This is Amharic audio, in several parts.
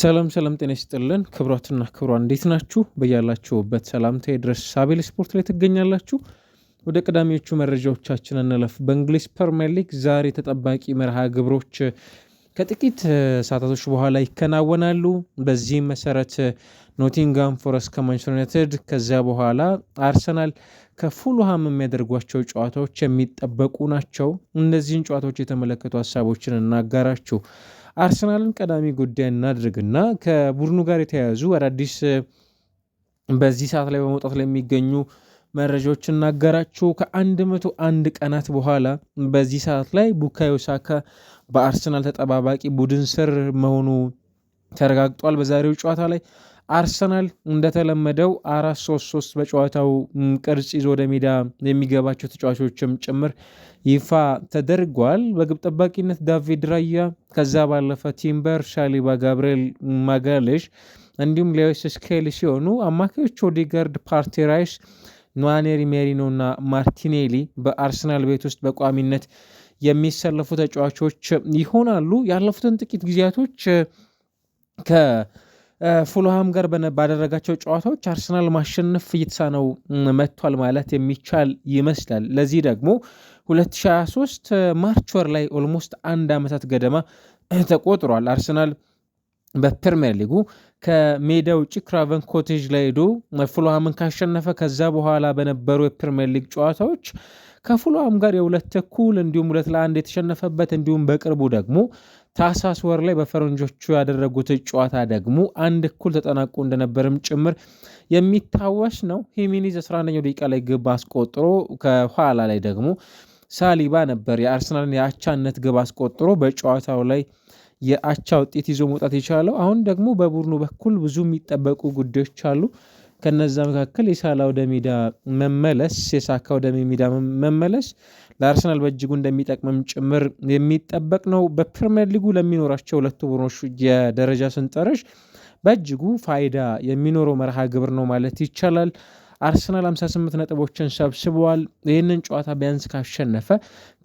ሰላም ሰላም፣ ጤና ይስጥልን ክብሯትና ክብሯ እንዴት ናችሁ? በያላችሁበት ሰላምታ ድረስ ሳቤል ስፖርት ላይ ትገኛላችሁ። ወደ ቀዳሚዎቹ መረጃዎቻችን እንለፍ። በእንግሊዝ ፕሪምየር ሊግ ዛሬ ተጠባቂ መርሃ ግብሮች ከጥቂት ሰዓታቶች በኋላ ይከናወናሉ። በዚህም መሰረት ኖቲንጋም ፎረስት ከማንቸስተር ዩናይትድ፣ ከዚያ በኋላ አርሰናል ከፉልሃም የሚያደርጓቸው ጨዋታዎች የሚጠበቁ ናቸው። እነዚህን ጨዋታዎች የተመለከቱ ሀሳቦችን እናጋራችሁ። አርሰናልን ቀዳሚ ጉዳይ እናድርግና ከቡድኑ ጋር የተያያዙ አዳዲስ በዚህ ሰዓት ላይ በመውጣት ላይ የሚገኙ መረጃዎች እናገራችሁ። ከ101 ቀናት በኋላ በዚህ ሰዓት ላይ ቡካዮ ሳካ በአርሰናል ተጠባባቂ ቡድን ስር መሆኑ ተረጋግጧል። በዛሬው ጨዋታ ላይ አርሰናል እንደተለመደው አራት ሶስት ሶስት በጨዋታው ቅርጽ ይዞ ወደ ሜዳ የሚገባቸው ተጫዋቾችም ጭምር ይፋ ተደርጓል። በግብ ጠባቂነት ዳቪድ ራያ፣ ከዛ ባለፈ ቲምበር፣ ሻሊባ፣ ጋብርኤል ማጋሌሽ እንዲሁም ሌዊስ ስኬሊ ሲሆኑ አማካዮች ኦዲጋርድ፣ ፓርቲ፣ ራይስ፣ ኗኔሪ፣ ሜሪኖ እና ማርቲኔሊ በአርሰናል ቤት ውስጥ በቋሚነት የሚሰለፉ ተጫዋቾች ይሆናሉ። ያለፉትን ጥቂት ጊዜያቶች ከ ፉልሃም ጋር ባደረጋቸው ጨዋታዎች አርሰናል ማሸነፍ እየተሳነው መጥቷል ማለት የሚቻል ይመስላል። ለዚህ ደግሞ 2023 ማርች ወር ላይ ኦልሞስት አንድ ዓመታት ገደማ ተቆጥሯል። አርሰናል በፕሪምየር ሊጉ ከሜዳ ውጭ ክራቨን ኮቴጅ ላይ ሄዶ ፉልሃምን ካሸነፈ ከዛ በኋላ በነበሩ የፕሪምየር ሊግ ጨዋታዎች ከፉልሃም ጋር የሁለት እኩል እንዲሁም ሁለት ለአንድ የተሸነፈበት እንዲሁም በቅርቡ ደግሞ ታህሳስ ወር ላይ በፈረንጆቹ ያደረጉት ጨዋታ ደግሞ አንድ እኩል ተጠናቆ እንደነበርም ጭምር የሚታወስ ነው። ሂሜኒዝ 11ኛው ደቂቃ ላይ ግብ አስቆጥሮ ከኋላ ላይ ደግሞ ሳሊባ ነበር የአርሰናልን የአቻነት ግብ አስቆጥሮ በጨዋታው ላይ የአቻ ውጤት ይዞ መውጣት የቻለው። አሁን ደግሞ በቡድኑ በኩል ብዙ የሚጠበቁ ጉዳዮች አሉ። ከነዛ መካከል የሳላ ወደ ሜዳ መመለስ፣ የሳካ ወደ ሜዳ መመለስ ለአርሰናል በእጅጉ እንደሚጠቅምም ጭምር የሚጠበቅ ነው። በፕሪምየር ሊጉ ለሚኖራቸው ሁለቱ ቡድኖች የደረጃ ሰንጠረዥ በእጅጉ ፋይዳ የሚኖረው መርሃ ግብር ነው ማለት ይቻላል። አርሰናል 58 ነጥቦችን ሰብስበዋል። ይህንን ጨዋታ ቢያንስ ካሸነፈ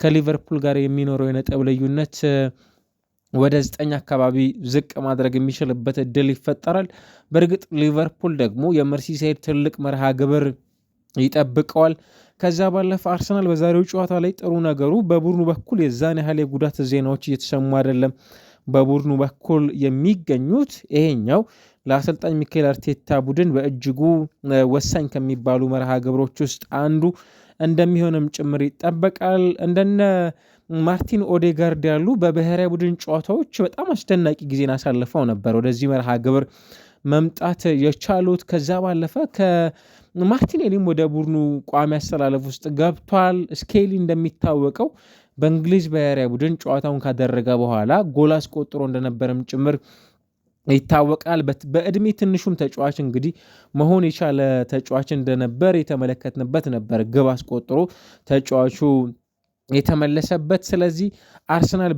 ከሊቨርፑል ጋር የሚኖረው የነጥብ ልዩነት ወደ ዘጠኝ አካባቢ ዝቅ ማድረግ የሚችልበት እድል ይፈጠራል። በእርግጥ ሊቨርፑል ደግሞ የመርሲሳይድ ትልቅ መርሃ ግብር ይጠብቀዋል። ከዛ ባለፈ አርሰናል በዛሬው ጨዋታ ላይ ጥሩ ነገሩ በቡድኑ በኩል የዛን ያህል የጉዳት ዜናዎች እየተሰሙ አይደለም። በቡድኑ በኩል የሚገኙት ይሄኛው ለአሰልጣኝ ሚካኤል አርቴታ ቡድን በእጅጉ ወሳኝ ከሚባሉ መርሃ ግብሮች ውስጥ አንዱ እንደሚሆንም ጭምር ይጠበቃል። እንደነ ማርቲን ኦዴጋርድ ያሉ በብሔራዊ ቡድን ጨዋታዎች በጣም አስደናቂ ጊዜን አሳልፈው ነበር ወደዚህ መርሃ ግብር መምጣት የቻሉት። ከዛ ባለፈ ከማርቲኔሊም ወደ ቡድኑ ቋሚ አሰላለፍ ውስጥ ገብቷል። ስኬሊ እንደሚታወቀው በእንግሊዝ ብሔራዊ ቡድን ጨዋታውን ካደረገ በኋላ ጎል አስቆጥሮ እንደነበረም ጭምር ይታወቃል። በእድሜ ትንሹም ተጫዋች እንግዲህ መሆን የቻለ ተጫዋች እንደነበር የተመለከትንበት ነበር፣ ግብ አስቆጥሮ ተጫዋቹ የተመለሰበት። ስለዚህ አርሰናል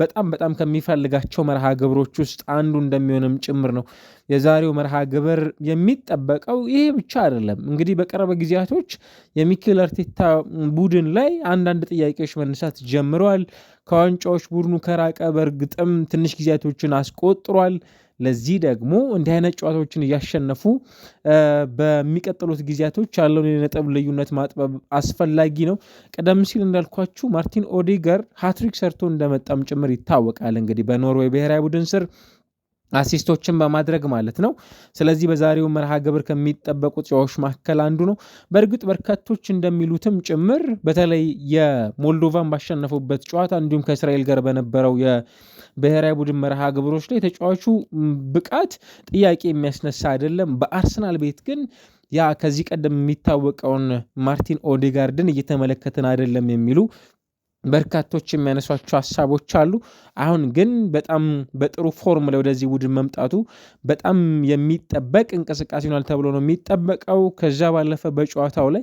በጣም በጣም ከሚፈልጋቸው መርሃ ግብሮች ውስጥ አንዱ እንደሚሆንም ጭምር ነው የዛሬው መርሃ ግብር የሚጠበቀው ይሄ ብቻ አይደለም። እንግዲህ በቀረበ ጊዜያቶች የሚኬል አርቴታ ቡድን ላይ አንዳንድ ጥያቄዎች መነሳት ጀምረዋል። ከዋንጫዎች ቡድኑ ከራቀ በእርግጥም ትንሽ ጊዜያቶችን አስቆጥሯል። ለዚህ ደግሞ እንዲህ አይነት ጨዋታዎችን እያሸነፉ በሚቀጥሉት ጊዜያቶች ያለውን የነጥብ ልዩነት ማጥበብ አስፈላጊ ነው። ቀደም ሲል እንዳልኳችሁ ማርቲን ኦዴገር ሃትሪክ ሰርቶ እንደመጣም ጭምር ይታወቃል። እንግዲህ በኖርዌይ ብሔራዊ ቡድን ስር አሲስቶችን በማድረግ ማለት ነው። ስለዚህ በዛሬው መርሃ ግብር ከሚጠበቁ ተጫዋቾች መካከል አንዱ ነው። በእርግጥ በርካቶች እንደሚሉትም ጭምር በተለይ የሞልዶቫን ባሸነፉበት ጨዋታ እንዲሁም ከእስራኤል ጋር በነበረው የብሔራዊ ቡድን መርሃ ግብሮች ላይ ተጫዋቹ ብቃት ጥያቄ የሚያስነሳ አይደለም። በአርሰናል ቤት ግን ያ ከዚህ ቀደም የሚታወቀውን ማርቲን ኦዴጋርድን እየተመለከትን አይደለም የሚሉ በርካቶች የሚያነሷቸው ሀሳቦች አሉ። አሁን ግን በጣም በጥሩ ፎርም ላይ ወደዚህ ቡድን መምጣቱ በጣም የሚጠበቅ እንቅስቃሴ ሆኗል ተብሎ ነው የሚጠበቀው። ከዛ ባለፈ በጨዋታው ላይ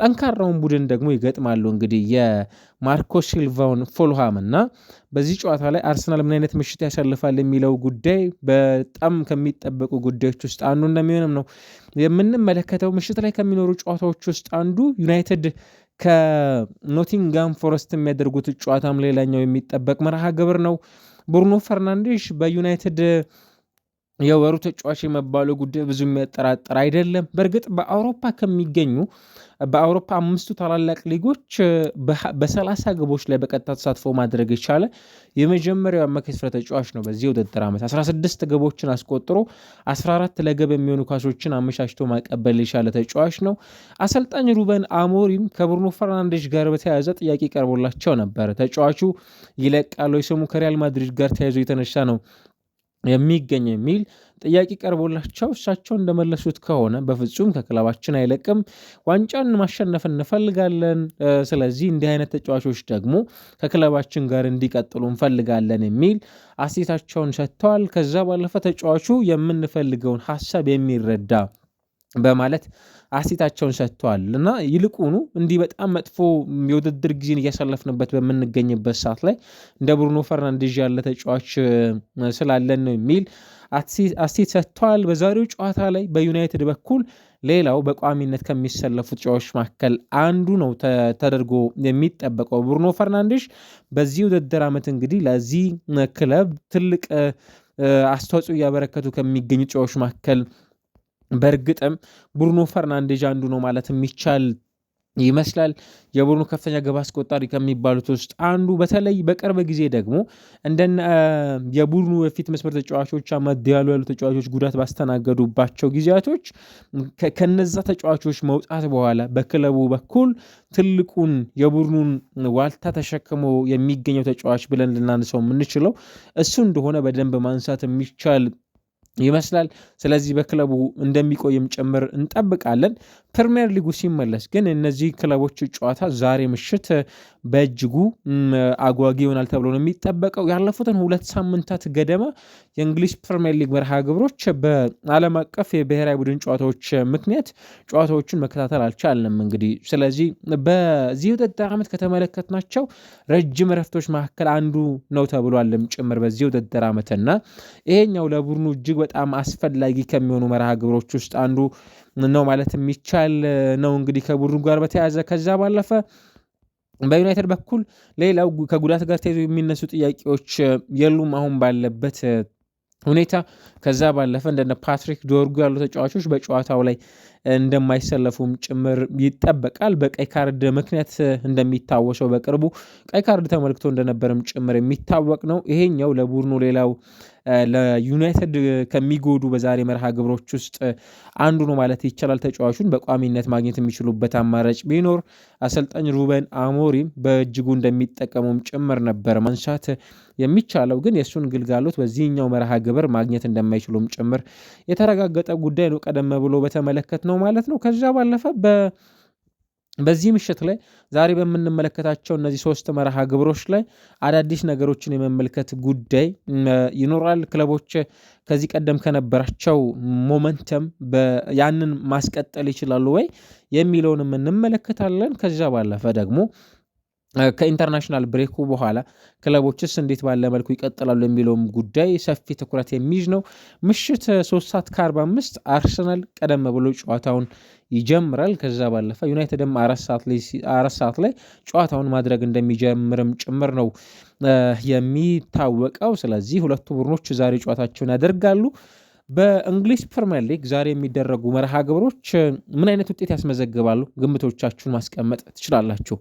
ጠንካራውን ቡድን ደግሞ ይገጥማሉ። እንግዲህ የማርኮ ሲልቫውን ፎልሃም እና በዚህ ጨዋታ ላይ አርሰናል ምን አይነት ምሽት ያሳልፋል የሚለው ጉዳይ በጣም ከሚጠበቁ ጉዳዮች ውስጥ አንዱ እንደሚሆንም ነው የምንመለከተው። ምሽት ላይ ከሚኖሩ ጨዋታዎች ውስጥ አንዱ ዩናይትድ ከኖቲንጋም ፎረስት የሚያደርጉት ጨዋታም ሌላኛው የሚጠበቅ መርሃ ግብር ነው። ብሩኖ ፈርናንዴሽ በዩናይትድ የወሩ ተጫዋች የመባለው ጉዳይ ብዙ የሚያጠራጥር አይደለም። በእርግጥ በአውሮፓ ከሚገኙ በአውሮፓ አምስቱ ታላላቅ ሊጎች በሰላሳ ግቦች ላይ በቀጥታ ተሳትፎ ማድረግ የቻለ የመጀመሪያው አማካይ ስፍራ ተጫዋች ነው። በዚህ ውድድር ዓመት 16 ግቦችን አስቆጥሮ 14 ለግብ የሚሆኑ ኳሶችን አመቻችቶ ማቀበል የቻለ ተጫዋች ነው። አሰልጣኝ ሩበን አሞሪም ከብሩኖ ፈርናንዴሽ ጋር በተያያዘ ጥያቄ ቀርቦላቸው ነበር። ተጫዋቹ ይለቃሉ የሰሙ ከሪያል ማድሪድ ጋር ተያይዞ የተነሳ ነው የሚገኝ የሚል ጥያቄ ቀርቦላቸው እሳቸው እንደመለሱት ከሆነ በፍጹም ከክለባችን አይለቅም፣ ዋንጫን ማሸነፍ እንፈልጋለን። ስለዚህ እንዲህ አይነት ተጫዋቾች ደግሞ ከክለባችን ጋር እንዲቀጥሉ እንፈልጋለን የሚል አስተያየታቸውን ሰጥተዋል። ከዛ ባለፈ ተጫዋቹ የምንፈልገውን ሀሳብ የሚረዳ በማለት አስቴታቸውን ሰጥተዋል እና ይልቁኑ እንዲህ በጣም መጥፎ የውድድር ጊዜን እያሳለፍንበት በምንገኝበት ሰዓት ላይ እንደ ብሩኖ ፈርናንዴዥ ያለ ተጫዋች ስላለን ነው የሚል አስቴት ሰጥተዋል። በዛሬው ጨዋታ ላይ በዩናይትድ በኩል ሌላው በቋሚነት ከሚሰለፉ ተጫዋቾች መካከል አንዱ ነው ተደርጎ የሚጠበቀው ብሩኖ ፈርናንዴሽ በዚህ ውድድር ዓመት እንግዲህ ለዚህ ክለብ ትልቅ አስተዋጽኦ እያበረከቱ ከሚገኙ ተጫዋቾች መካከል በእርግጥም ብሩኖ ፈርናንዴዥ አንዱ ነው ማለት የሚቻል ይመስላል። የቡድኑ ከፍተኛ ግብ አስቆጣሪ ከሚባሉት ውስጥ አንዱ። በተለይ በቅርብ ጊዜ ደግሞ እንደ የቡድኑ የፊት መስመር ተጫዋቾች አማድ ያሉ ያሉ ተጫዋቾች ጉዳት ባስተናገዱባቸው ጊዜያቶች ከነዛ ተጫዋቾች መውጣት በኋላ በክለቡ በኩል ትልቁን የቡድኑን ዋልታ ተሸክሞ የሚገኘው ተጫዋች ብለን ልናንሰው የምንችለው እሱ እንደሆነ በደንብ ማንሳት የሚቻል ይመስላል። ስለዚህ በክለቡ እንደሚቆይም ጭምር እንጠብቃለን። ፕሪሚየር ሊጉ ሲመለስ ግን እነዚህ ክለቦች ጨዋታ ዛሬ ምሽት በእጅጉ አጓጊ ይሆናል ተብሎ ነው የሚጠበቀው። ያለፉትን ሁለት ሳምንታት ገደማ የእንግሊዝ ፕሪምየር ሊግ መርሃ ግብሮች በዓለም አቀፍ የብሔራዊ ቡድን ጨዋታዎች ምክንያት ጨዋታዎቹን መከታተል አልቻልንም። እንግዲህ ስለዚህ በዚህ ውድድር ዓመት ከተመለከትናቸው ረጅም እረፍቶች መካከል አንዱ ነው ተብሏልም ጭምር በዚህ ውድድር ዓመትና ይሄኛው ለቡድኑ እጅግ በጣም አስፈላጊ ከሚሆኑ መርሃ ግብሮች ውስጥ አንዱ ነው ማለት የሚቻል ነው። እንግዲህ ከቡድኑ ጋር በተያያዘ ከዛ ባለፈ በዩናይትድ በኩል ሌላው ከጉዳት ጋር ተይዞ የሚነሱ ጥያቄዎች የሉም አሁን ባለበት ሁኔታ። ከዛ ባለፈ እንደነ ፓትሪክ ዶርጉ ያሉ ተጫዋቾች በጨዋታው ላይ እንደማይሰለፉም ጭምር ይጠበቃል። በቀይ ካርድ ምክንያት እንደሚታወሰው በቅርቡ ቀይ ካርድ ተመልክቶ እንደነበረም ጭምር የሚታወቅ ነው። ይሄኛው ለቡድኑ ሌላው ለዩናይትድ ከሚጎዱ በዛሬ መርሃ ግብሮች ውስጥ አንዱ ነው ማለት ይቻላል። ተጫዋቹን በቋሚነት ማግኘት የሚችሉበት አማራጭ ቢኖር አሰልጣኝ ሩበን አሞሪም በእጅጉ እንደሚጠቀሙም ጭምር ነበር ማንሳት የሚቻለው ግን የእሱን ግልጋሎት በዚህኛው መርሃ ግብር ማግኘት እንደማይችሉም ጭምር የተረጋገጠ ጉዳይ ነው። ቀደም ብሎ በተመለከት ነው ማለት ነው። ከዛ ባለፈ በ በዚህ ምሽት ላይ ዛሬ በምንመለከታቸው እነዚህ ሶስት መርሃ ግብሮች ላይ አዳዲስ ነገሮችን የመመልከት ጉዳይ ይኖራል። ክለቦች ከዚህ ቀደም ከነበራቸው ሞመንተም ያንን ማስቀጠል ይችላሉ ወይ የሚለውንም እንመለከታለን። ከዛ ባለፈ ደግሞ ከኢንተርናሽናል ብሬኩ በኋላ ክለቦችስ እንዴት ባለ መልኩ ይቀጥላሉ የሚለውም ጉዳይ ሰፊ ትኩረት የሚይዝ ነው። ምሽት ሶስት ሰዓት ከ45 አርሰናል ቀደም ብሎ ጨዋታውን ይጀምራል። ከዛ ባለፈ ዩናይትድም አራት ሰዓት ላይ ጨዋታውን ማድረግ እንደሚጀምርም ጭምር ነው የሚታወቀው። ስለዚህ ሁለቱ ቡድኖች ዛሬ ጨዋታቸውን ያደርጋሉ። በእንግሊዝ ፕሪምየር ሊግ ዛሬ የሚደረጉ መርሃ ግብሮች ምን አይነት ውጤት ያስመዘግባሉ? ግምቶቻችሁን ማስቀመጥ ትችላላችሁ።